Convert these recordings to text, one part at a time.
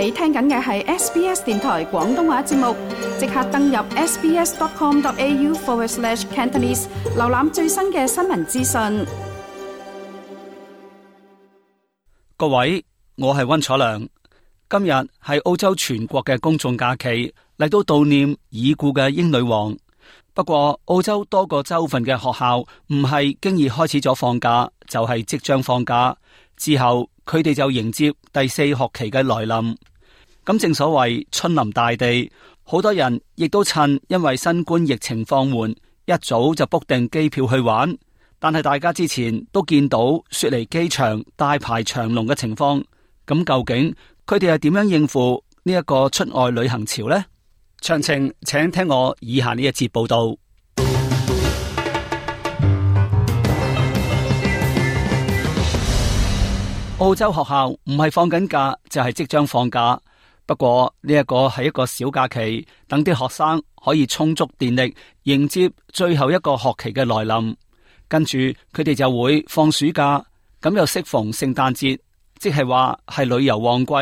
你聽緊嘅係 SBS 電台廣東話節目，即刻登入 sbs.com.au/cantonese 瀏覽最新嘅新聞資訊。各位，我係温楚良，今日係澳洲全國嘅公眾假期，嚟到悼念已故嘅英女王。不過，澳洲多個州份嘅學校唔係經已開始咗放假，就係、是、即將放假之後，佢哋就迎接第四學期嘅來臨。咁正所謂春臨大地，好多人亦都趁因為新冠疫情放緩，一早就 book 定機票去玩。但係大家之前都見到雪梨機場大排長龍嘅情況，咁究竟佢哋係點樣應付呢一個出外旅行潮呢？詳情，請聽我以下呢一節報道。澳洲學校唔係放緊假，就係、是、即將放假。不過呢一個係一個小假期，等啲學生可以充足電力迎接最後一個學期嘅來臨，跟住佢哋就會放暑假，咁又適逢聖誕節，即係話係旅遊旺季。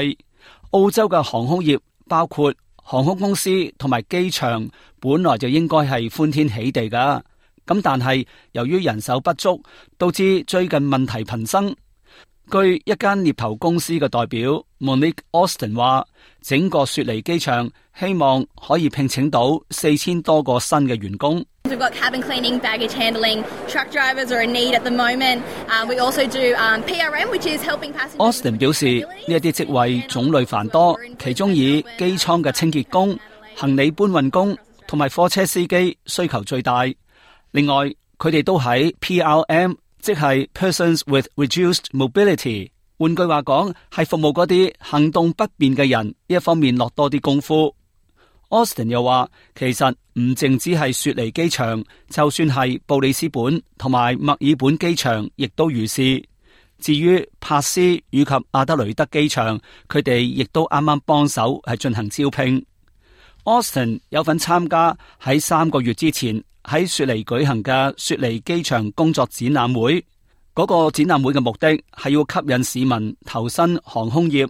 澳洲嘅航空業，包括航空公司同埋機場，本來就應該係歡天喜地㗎。咁但係由於人手不足，導致最近問題頻生。據一間獵頭公司嘅代表 Monique Austin 話，整個雪梨機場希望可以聘請到四千多個新嘅員工。We've got cabin cleaning, baggage handling, truck drivers are a need at the moment. We also do, um, PRM, which is helping passengers... Austin 表示呢一啲職位種類繁多，其中以機艙嘅清潔工、行李搬運工同埋貨車司機需求最大。另外，佢哋都喺 PRM。即係 persons with reduced mobility，換句話講，係服務嗰啲行動不便嘅人，呢一方面落多啲功夫。Austin 又話，其實唔淨止係雪梨機場，就算係布里斯本同埋墨爾本機場，亦都如是。至於珀斯以及阿德雷德機場，佢哋亦都啱啱幫手係進行招聘。Austin 有份參加喺三個月之前，喺雪梨舉行嘅雪梨機場工作展覽會，嗰個展覽會嘅目的係要吸引市民投身航空業。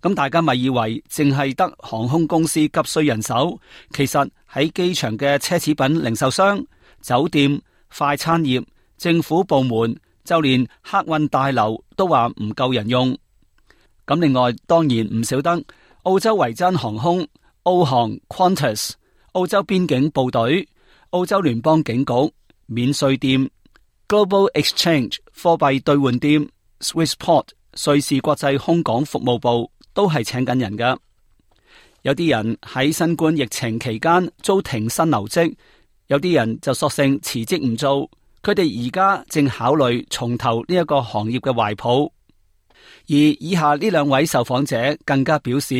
咁大家咪以為淨係得航空公司急需人手，其實喺機場嘅奢侈品零售商、酒店、快餐業、政府部門，就連客運大樓都話唔夠人用。咁另外，當然唔少得澳洲維珍航空、澳航、Qantas、澳洲邊境部隊。澳洲聯邦警局、免稅店、Global Exchange 貨幣兌換店、Swissport 瑞士國際空港服務部都係請緊人噶。有啲人喺新冠疫情期間遭停薪留職，有啲人就索性辭職唔做。佢哋而家正考慮重投呢一個行業嘅懷抱。而以下呢兩位受訪者更加表示，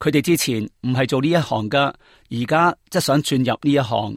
佢哋之前唔係做呢一行噶，而家即想轉入呢一行。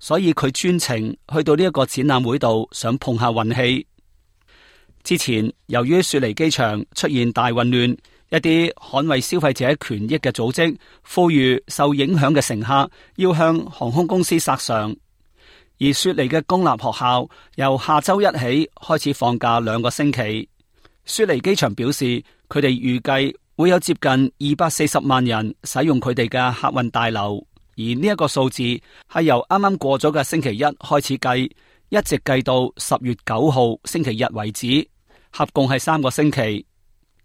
所以佢專程去到呢一個展覽會度，想碰下運氣。之前由於雪梨機場出現大混亂，一啲捍衛消費者權益嘅組織呼籲受影響嘅乘客要向航空公司索償。而雪梨嘅公立學校由下周一起開始放假兩個星期。雪梨機場表示，佢哋預計會有接近二百四十萬人使用佢哋嘅客運大樓。而呢一個數字係由啱啱過咗嘅星期一開始計，一直計到十月九號星期日為止，合共係三個星期。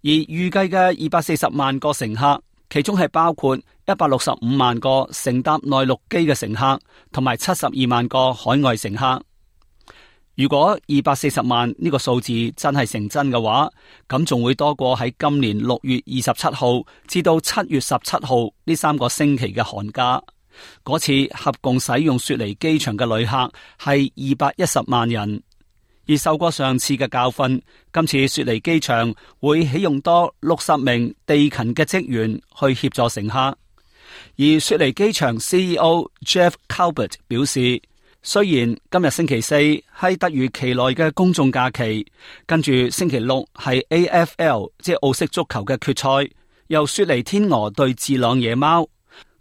而預計嘅二百四十萬個乘客，其中係包括一百六十五萬個乘搭內陸機嘅乘客，同埋七十二萬個海外乘客。如果二百四十萬呢個數字真係成真嘅話，咁仲會多過喺今年六月二十七號至到七月十七號呢三個星期嘅寒假。嗰次合共使用雪梨機場嘅旅客係二百一十萬人，而受過上次嘅教訓，今次雪梨機場會啟用多六十名地勤嘅職員去協助乘客。而雪梨機場 CEO Jeff Colbert 表示，雖然今日星期四係突如其來嘅公眾假期，跟住星期六係 AFL 即係澳式足球嘅決賽，由雪梨天鵝對智朗野貓。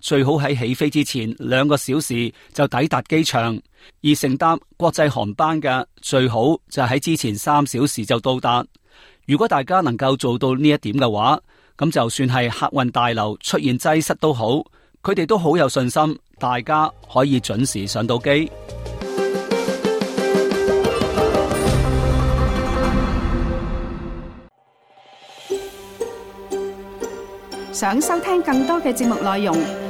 最好喺起飛之前兩個小時就抵達機場，而乘搭國際航班嘅最好就喺之前三小時就到達。如果大家能夠做到呢一點嘅話，咁就算係客運大樓出現擠塞都好，佢哋都好有信心，大家可以準時上到機。想收聽更多嘅節目內容。